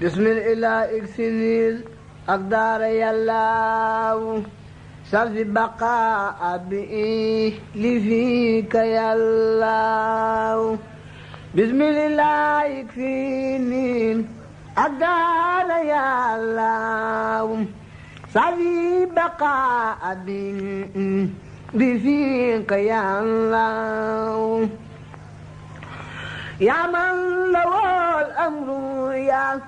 bismil ilaa iksinil ak daara yàllaawu sarsi baqaa abi li fiika yàllaawu bismil ilaa iksinil ak daara yàllaawu sarsi baqaa abi li fiika yàllaawu yaa la أمر يا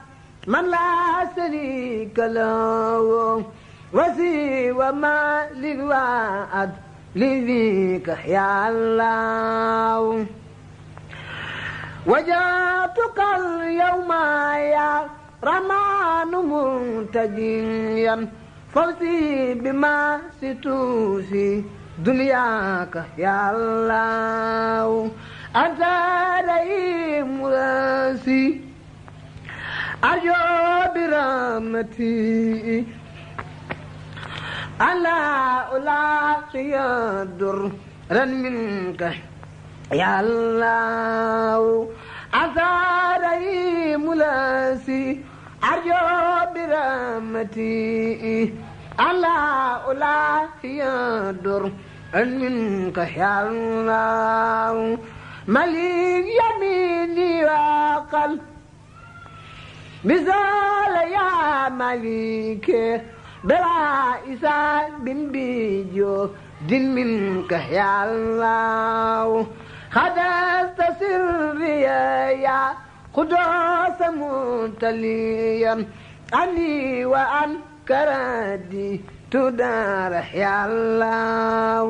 من لا شريك له وسوى ما للوعد لذيك يا الله وجاتك اليوم يا رمان منتجيا فوزي بما ستوسي دنياك يا الله أنت نفسي أيا برامتي ألا ألاقي درا منك يا الله أثاري ملاسي أرجو برامتي ألا ألاقي درا منك يا الله مليك يميني وعقل مثال يا مليك بلا إسان بن بيجو دين منك يا الله خدست سري يا قدوس متليا أني وأن كردي تدار يا الله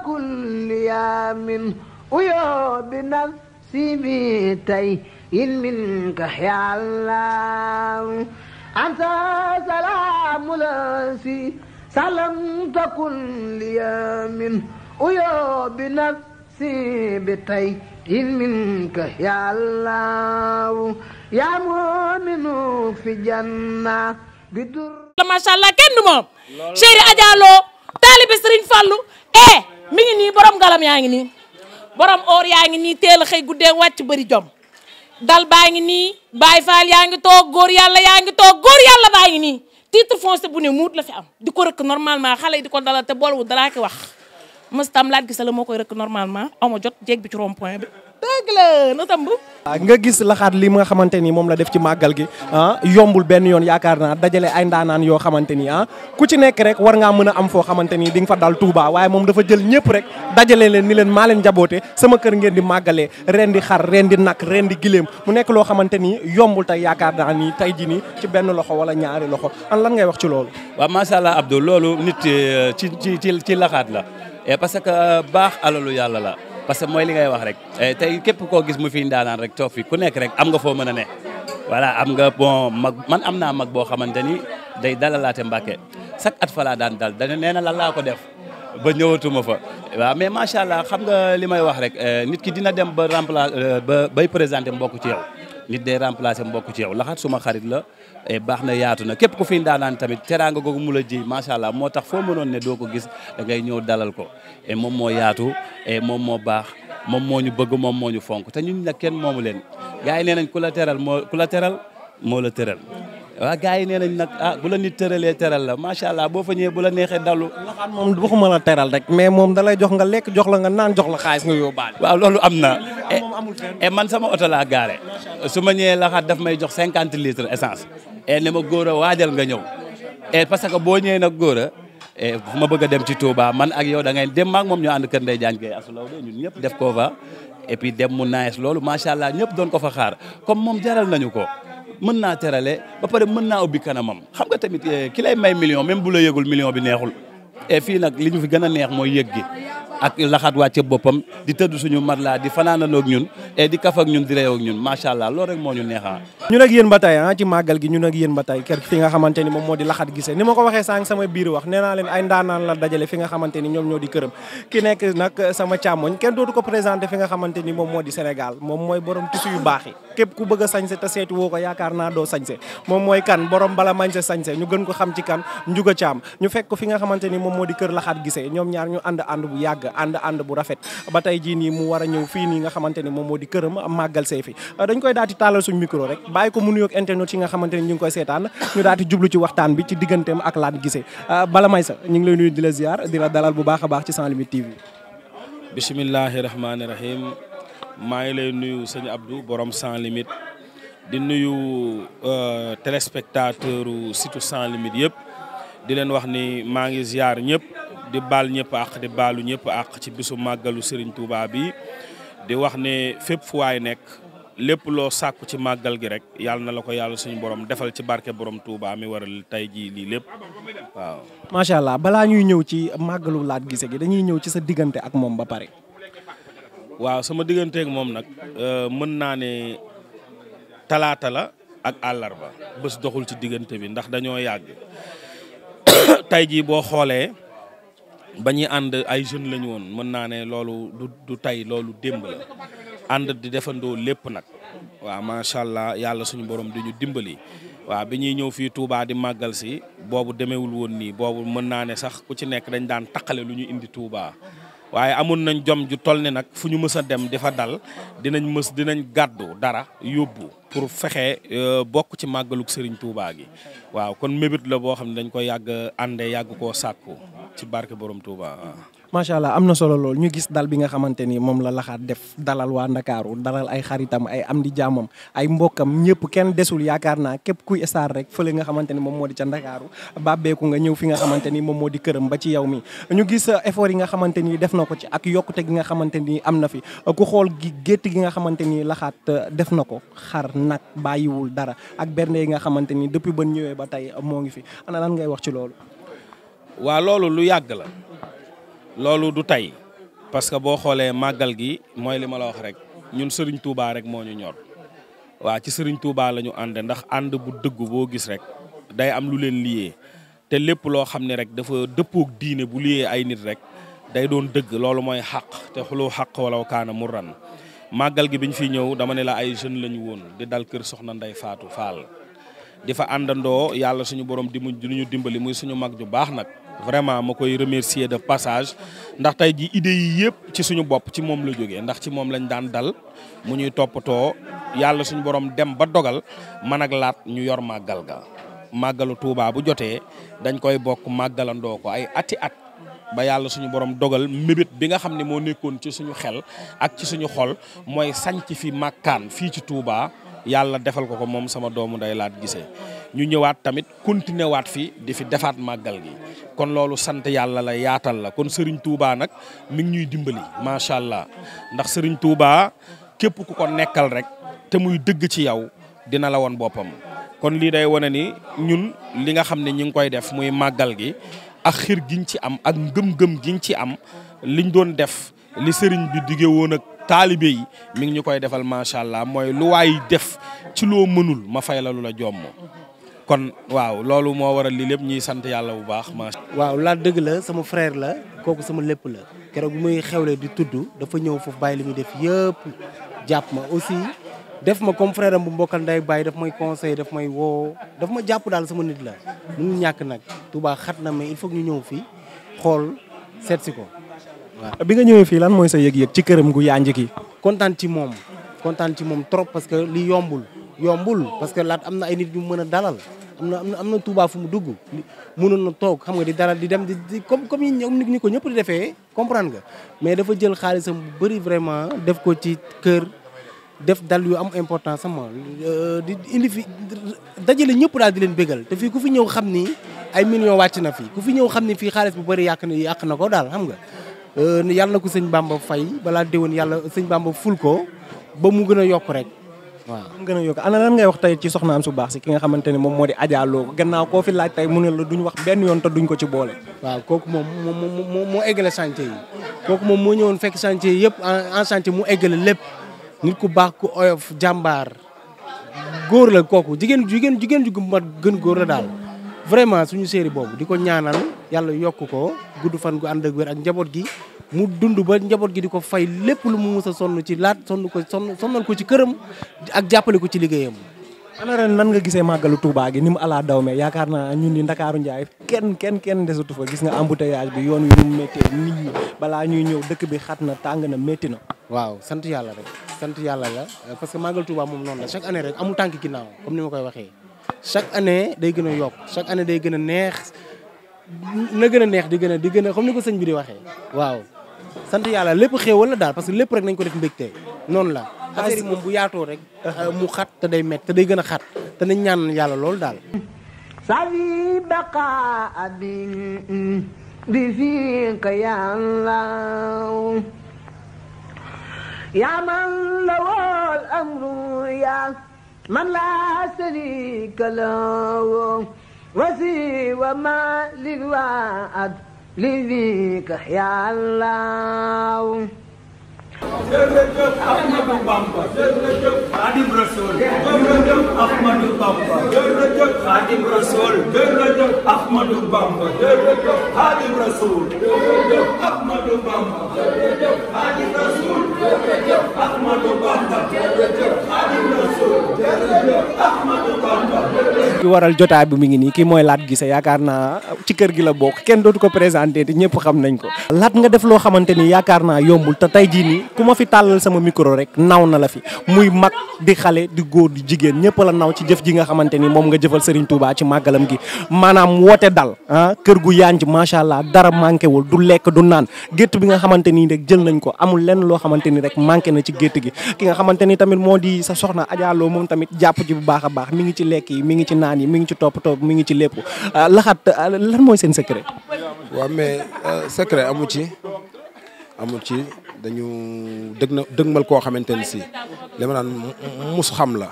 وكل يام ويا بنفسي بيتي إن منك يا الله أنت سلام لاسي سلام تكل يام ويا بنفسي بيتي إن منك يا الله يا مؤمن في جنة بدر ما شاء الله كن موم شيري أجالو taalibe Serigne Fallou eh mi ngi nii borom ngalam yaa ngi nii borom or yaa ngi nii teel a xëy guddee wàcc bëri jom dal baa ngi nii Baay Faal yaa ngi toog góor yàlla yaa ngi toog góor yàlla baa ngi nii titre foncier bu ne muut la fi am di ko rëkk normalement xale yi di ko dalal te bool wu daraa ki wax mëstam laaj gi sa la moo koy rëkk normalement ama jot jeeg bi ci point bi dëgg la na tàmb. Ah, nga gis laxaat li nga xamante ni moom la def ci màggal gi ah yombul benn yoon yaakaar naa dajale ay ndaanaan yoo xamante ni ah ku ci nekk rek war ngaa mën a am foo xamante ni di nga fa dal Touba waaye moom dafa jël ñëpp rek dajale leen ni leen maa leen jaboote sama kër ngeen di màggalee ren di xar ren di nag ren di gileem mu nekk loo xamante ni yombul tey yaakaar naa ni tey ji ni ci benn loxo wala ñaari loxo an lan ngay wax ci loolu. waa macha allah Abdou loolu nit eh, ci ci ci laxaat la eh, parce que baax alalu yàlla la. parce que mooy li ngay wax rek eh, tey képp koo gis mu fi ndaanaan rek toog fi ku nekk rek am nga foo mën a ne voilà am nga bon mag man am naa mag boo xamante ni day dalalaate Mbàkke chaque at fa daan daal dana nee na lan laa ko def ba ñëwatuma fa waaw mais macha allah xam nga li may wax rek eh, nit ki dina dem ba remplacer eh, ba bay présente mbokk ci yow nit day remplacer mbokk ci yow laxaat suma xarit la e baax na yaatu na képp ku fi daanaan tamit teraanga googu mu la ji macha allah moo tax foo mënoon ne doo ko gis da ngay ñëw dalal ko et eh, moom moo yaatu et eh, moom moo baax moom moo ñu bëgg moom moo ñu fonk te ñun nag kenn moomu leen gars yi nee nañ ku la teral moo la teral moo la tëral waaw gars yi nee nañ nag ah bu la nit tëralee teral macha allah boo fa ñëwee bu la neexee dalu. laxaan moom waxuma la teral rek mais moom dalay jox nga lekk jox la nga naan jox la xaalis nga yóbbaale. waaw loolu am na. e man sama oto laa gaare. su ma ñëwee laxaat daf may jox cinquante litres essence. et eh, ne ma góor a waajal nga ñëw et eh, parce que boo ñëwee nag góor a et eh, fu ma bëgg a dem ci Touba man ak yow da ngay dem maak moom ñu ànd kër Ndeye Diagne Gueye asulaw de ñun ñëpp def koo fa et puis dem mu naes loolu macha allah ñëpp doon ko fa xaar comme moom jaral nañu ko mën naa terale ba pare mën naa ubbi kanamam xam nga tamit ki lay may million même bu la yëgul million bi neexul et fii nag li ñu fi gën a neex mooy yëg gi ak laxaat wàcce boppam di tëdd suñu mat laa di fanaananoog ñun et di kaf ñun di reyoog ñun macha allah loolu rek moo ñu neexaa ñun ak yéen ba tey ah ci gi ñun ak yéen ba tey kër fi nga xamante ni moom moo di laxaat gise ni ma ko waxee sànq sama biir wax nee naa leen ay ndaanaan la dajale fi nga xamante ni ñoom ñoo di këram ki nekk nag sama càmmoñ kenn dootu ko présenté fi nga xamante ni moom moo di Sénégal moom mooy borom tissu yu baax yi képp ku bëgg a sañse te seeti woo ko yaakaar naa doo sañse moom mooy kan borom bala mañse sañse ñu gën ko xam ci kan njuga caam ñu fekk fi nga xamante ni moom moo di kër laxaat gisee ñoom ñaar ñu ànd ànd bu yàgg ànd ànd ba tey jii nii mu war a ñëw fii nii nga xamante ni moom moo di këram màggal see fi euh, dañ koy daal di taalal suñ micro rek bàyyi ko mu nuyoog internet yi nga xamante ni ñu ngi koy seetaan ñu daal di jublu ci waxtaan bi ci digganteem ak laat gisee euh, bala may sa ñu ngi lay nuyu di la ziar di la dalal bu baax a baax ci sans limite tv bismillahi rahmaani rahim maa ngi lay nuyu sëñ Abdou borom sans limite di nuyu euh, téléspectateur surtout sans limite yëpp di leen wax ni maa ngi ziar ñëpp di baal ñëpp àq di baalu ñëpp àq ci bisu màggalu Serigne Touba bi di wax ne fépp fu waay nekk lépp loo sàkku ci màggal gi rek yàlla na la ko yàlla suñu borom defal ci barke borom Touba mi waral tey jii lii lépp waaw. macha allah balaa ñuy ñëw ci màggalu Laat Gise gi dañuy ñëw ci sa diggante ak moom ba pare. waaw sama digganteeg moom nag euh, mën naa ne talaata la ak àllarba bés doxul ci diggante bi ndax dañoo yàgg tey jii boo xoolee ba ñuy ànd ay jeunes la woon mën naa ne loolu du du tey loolu démb la ànd di defandoo lépp nag waaw macha allah yàlla suñu borom du ñu dimbali. waaw bi ñuy ñëw fii tuubaa di màggal si boobu demeewul woon nii boobu mën naa ne sax ku ci nekk dañ daan taqale lu ñu indi Touba waaye amoon nañ jom ju toll ni nag fu ñu mës a dem di fa dal dinañ mës dinañ gàddu dara yóbbu pour fexe euh, bokk ci màggalug Serigne tuubaa gi waaw kon mébét la boo xam ne dañ koy yàgg ànde yàgg koo sàkku ci barke borom tuubaa macha allah am na solo lool ñu gis dal bi nga xamante ni moom la laxaat def dalal waa ndakaaru dalal ay xaritam ay am di jaamam ay mbokkam ñëpp kenn desul yaakaar naa képp kuy star rek fële nga xamante ni moom moo di ca ndakaaru bàbbeeku nga ñëw fi nga xamante ni moom moo di këram ba ci yow mi ñu gis uh, effort yi nga xamante ni def na ko ci ak yokkute gi nga xamante ni am na fi uh, ku xool gi gétt gi nga xamante ni laxaat uh, def na ko xar nag bàyyiwul dara ak bernde yi nga xamante ni depuis ba ñëwee ba tey moo ngi fi ana lan ngay wax ci loolu waa loolu lu yàgg la loolu du tey parce que boo xoolee màggal gi mooy li ma la wax rek ñun sëriñ Touba rek moo ñu ñor waa ci sëriñ Touba la ñu ànd ndax ànd bu dëgg boo gis rek day am lu leen liyee te lépp loo xam ne rek dafa dëppoog diine bu liyee ay nit rek day doon dëgg loolu mooy xaq te xuloo xaq wala kaana mu ran màggal gi bi ñu fiy ñëw dama ne la ay jeunes la ñu woon di dal kër soxna Ndey Faatu Faal di fa àndandoo yàlla suñu borom di mu ñu dimbali muy suñu mag ju baax nag. vraiment ma koy remercier de passage ndax tey ji idée yi yëpp ci suñu bopp ci moom la jógee ndax ci moom lañ daan dal mu ñuy toppatoo yàlla suñu borom dem ba dogal man ak laat ñu yor màggal ga màggalu Tuubaa bu jotee dañ koy bokk màggalandoo ko ay ati at ba yàlla suñu borom dogal mébét bi nga xam ni moo nekkoon ci suñu xel ak ci suñu xol mooy sanc fi màkkaan fii ci Tuubaa yàlla defal ko ko moom sama doomu day laat gisee ñu ñëwaat tamit continuer waat fi di fi defaat màggal gi kon loolu sant yàlla la yaatal la kon Serigne Touba nag mi ngi ñuy dimbali macha allah ndax Serigne Touba képp ku ko nekkal rek te muy dëgg ci yow dina la woon boppam. kon lii day wane ni ñun li nga xam ne ñu ngi koy def muy màggal gi ak xir giñ ci am ak ngëm-ngëm giñ ci am liñ doon def li Serigne bi diggee woon ak. taalibe mi ngi ñu koy defal macha allah mooy lu waay def ci loo mënul ma fay la lu la jomm kon waaw loolu moo waral lii lépp ñuy sant yàlla bu baax ma waaw laa dëgg la sama frère la kooku sama lépp la keroog bu muy xewle di tudd dafa ñëw foofu bàyyi li muy def yëpp jàpp ma aussi def ma comme bu mbokkal nday bàyyi daf may conseil daf may woo daf ma jàpp daal sama nit la mënu ñàkk nag tubaa xat na mais il faut ñu ñëw fii xool seet si ko waaw bi nga ñëwee fii lan mooy sa yëg-yëg ci këram gu yaa njëkk yi kontaan ci moom kontaan ci moom trop parce que li yombul yombul parce que laat am na ay nit ñu mën a dalal am na am na Touba fu mu dugg mënoon na toog xam nga di dalal di dem di comme comme ñi ni ko ñëpp di defee comprendre nga mais dafa jël xaalisam bu bëri vraiment def ko ci kër def dal yu am important sama euh, di indi fi dajale ñëpp daal di leen bégal te fii ku fi ñëw xam ni ay millions wàcc na fi ku fi ñëw xam ni fii xaalis bu bëri yàq na yàq na ko daal xam nga euh, yàlla ko sëñ Bamba fay balaa déwén yàlla sëñ Bamba ful ko ba mu gën a yokk rek waaw gën a yokk ana lan ngay wax tey ci soxna am su baax si ki nga xamante ne moom moo di Adja Lo gannaaw koo fi laaj tey mu ne la duñ wax benn yoon te ko ci boole waaw kooku moom moo moo eggale chantier yi kooku moom moo ñëwoon fekk chantier yëpp en chantier mu eggale lépp nit ku baax ku oyof jàmbaar góor la kooku jigéen jigéen jigéen ju mat gën góor la daal vraiment suñu série boobu di ko ñaanal yàlla yokk ko gudd fan gu ànd ak wér ak njaboot gi mu dund ba njaboot gi di ko fay lépp lu mu mus a sonn ci laat sonn ko sonn sonnal ko ci këram ak jàppale ko ci liggéeyam. ana ren nan nga gisee màggalu Touba gi ni mu daw dawme yaakaar naa ñun di Ndakaaru Ndiaye kenn kenn kenn desatu fa gis nga embouteillage bi yoon wi nu mu méttee nit ñuy ñëw dëkk bi xat na tàng na métti na. waaw sant yàlla rek sant yàlla la parce que màggal Touba moom noonu la chaque année rek amul tànk ginnaaw comme ni ma koy waxee. chaque année day gën a yokk chaque année day gën a neex na gën a neex di gën a di gën a comme ni ko sëñ bi di waxee sant yàlla lépp xéewal la daal parce que lépp rek nañ ko def mbégte noonu la affaire yi moom bu yaatoo rek euh, mu xat te day métti te day gën a xat te nañ ñaan yàlla loolu daal safi baqaa bi bi fiika yàlla yaa man lawal amru yaa man laa sharika lahu wa ma lil waad لذيك يا الله jërëjëf Ahmadou Bamba jërëjëf Xaadim Rasool jërëjëf Ahmadou Bamba jërëjëf Xaadim Rasool jërëjëf Ahmadou Bamba jërëjëf Xaadim Rasool jërëjëf Ahmadou Bamba ki waral jotaay bi mu ngi nii kii mooy Laat Guissé yaakaar naa ci kër gi la bokk kenn dootu ko présenté te ñëpp xam nañ ko. Laat nga def loo xamante ni yaakaar naa yombul te tey jii nii ku ma fi tàllal sama micro rek naw na la fi muy mag di xale di góor di jigéen ñëpp la naw ci jëf ji nga xamante ni moom nga jëfal Serigne Touba ci màggalam gi maanaam woote dal ah kër gu yanj macha allah dara manqué wul du lekk du naan gétt bi nga xamante ni rek jël nañ ko amul lenn loo xamante ni rek manqué na ci gétt gi ki nga xamante ni tamit moo di sa soxna Adja moom tamit jàpp ci bu baax a baax mi naan yi mi ngi ci toppatoo mu ngi ci lépp ah, laxaat ah, lan mooy seen secret. waaw mais euh, secret amu ci amu ci dañu dëgg na dëgmal koo xamante ni si li ma naan mus xam la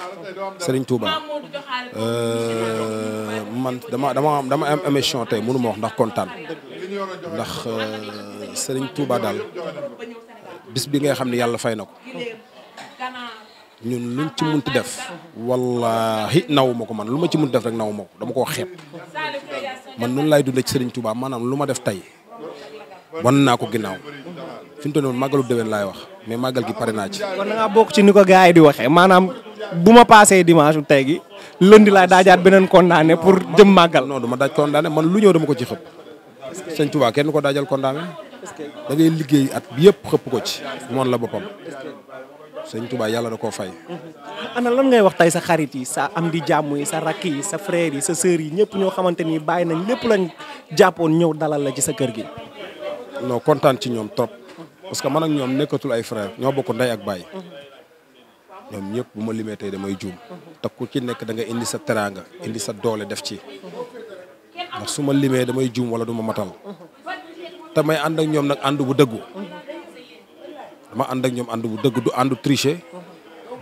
Serigne Touba euh, man dama dama dama am émission tey mënu ma ndax kontaan ndax euh, Serigne Touba daal bis bi nga xam ne yàlla fay na ko. ñun luñ ci munti def wallahi naw ma ko man lu ma ci munti def rek naw ma dama koo xeeb man noonu laay dundee ci Serigne Touba maanaam lu ma def tey wan naa ko ginnaaw fi mu toll noonu màggalu déwén laay wax mais màggal gi pare naa ci. ci ni ko gars yi di waxee maanaam bu ma paasee dimanche tey gi lundi laa daajaat beneen condamné pour jëm màggal. non duma daaj daane man lu ñëw dama ko ci xëpp. Serigne Touba kenn ko daajal condamné da ngay liggéey at bi yëpp xëpp ko ci moon la boppam. sëñ Touba yàlla da koo fay. ana lan ngay wax tey sa xarit yi sa am di jàmm yi sa rakk yi sa frère yi sa sœur yi ñëpp ñoo xamante ni bàyyi nañ lépp lañ jàppoon ñëw dalal la ci sa kër gi. non kontaan ci ñoom trop. parce que man ak ñoom nekkatul ay frère ñoo bokk ndey ak baay. ñëpp bu ma limee tey damay juum. te ku ci nekk da nga indi sa teraanga indi sa doole def ci. su ma limee damay juum wala du ma matal. te ñoom nag ànd bu dëggu. dama ànd ak ñoom ànd bu dëgg du àndu tricher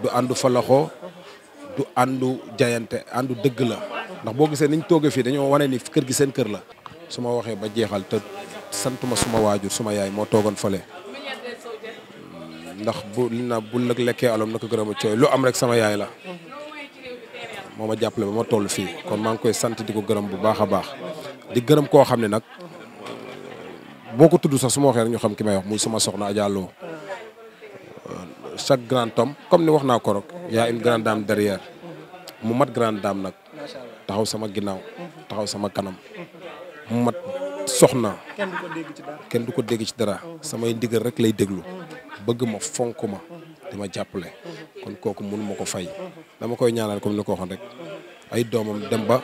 du àndu falaxoo du àndu jayante àndu dëgg la ndax boo gisee niñ toogee fii dañoo wane ni kër gi seen kër la su ma waxee ba jeexal te santuma suma waajur suma yaay moo toogoon fale ndax bu li na bu nag lekkee alom na ko gërëm a cooy lu am rek sama yaay la moo ma jàppale ba ma toll fii kon maa ngi koy sant di ko gërëm bu baax a baax di gërëm koo xam ne nag boo ko tudd sax su ma waxee rek ñu xam ki may wax muy suma soxna Adja Lo chaque grand homme comme ni wax naa ko rek y a une grande dame mu mat grande dame nag taxaw sama ginnaaw taxaw sama kanam mu mat soxna kenn du ko dégg ci dara samay ndigal rek lay déglu bëgg ma fonk ma dama jàppale kon kooku mënu ma ko fay dama koy ñaanal comme ni ko waxoon rek ay doomam dem ba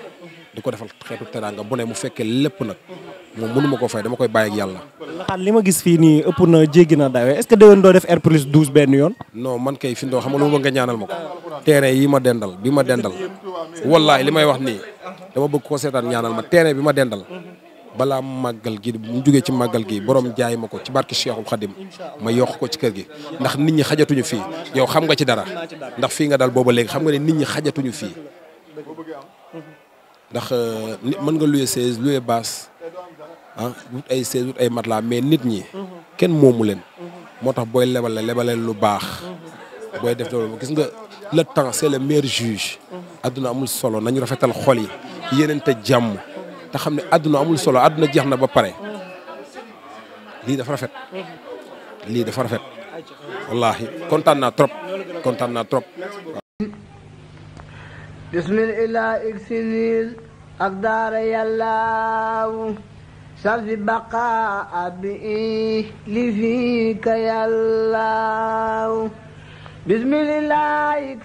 di ko defal xeetu teraanga bu ne mu fekkee lépp nag moom mënu ko fay dama koy bàyyi ak yàlla. ndax li ma gis fii nii ëpp na jéggi na dawee est-ce que déwén doo def R plus 12 benn yoon. non man kay fi mu xam nga lu ma bëgg nga ñaanal ma ko. terrain yi ma dendal bi ma dendal wallaay li may wax nii dama bëgg koo seetaan ñaanal ma terrain bi ma dendal balaa màggal gi bu jógee ci màggal gi borom jaay ma ko ci barke Cheikhul Khadim ma yokk ko ci kër gi ndax nit ñi xajatuñu fii yow xam nga ci dara ndax fii nga daal booba léegi xam nga ne nit ñi xajatuñu fii euh, mën nga louer chaise louer ah wut ay sees wut ay matelas mais nit ñi. kenn moomu leen. moo tax booy lebal la lebalal lu baax. booy def loolu gis nga le temps c'est le meilleur juge. adduna amul solo nañu rafetal xol yi. te jàmm. te xam ne adduna amul solo adduna jeex na ba pare. lii dafa rafet. lii dafa rafet. wallaahi kontaan na trop kontaan naa trop. salvi baqa abi li fika yàllaw bismillahi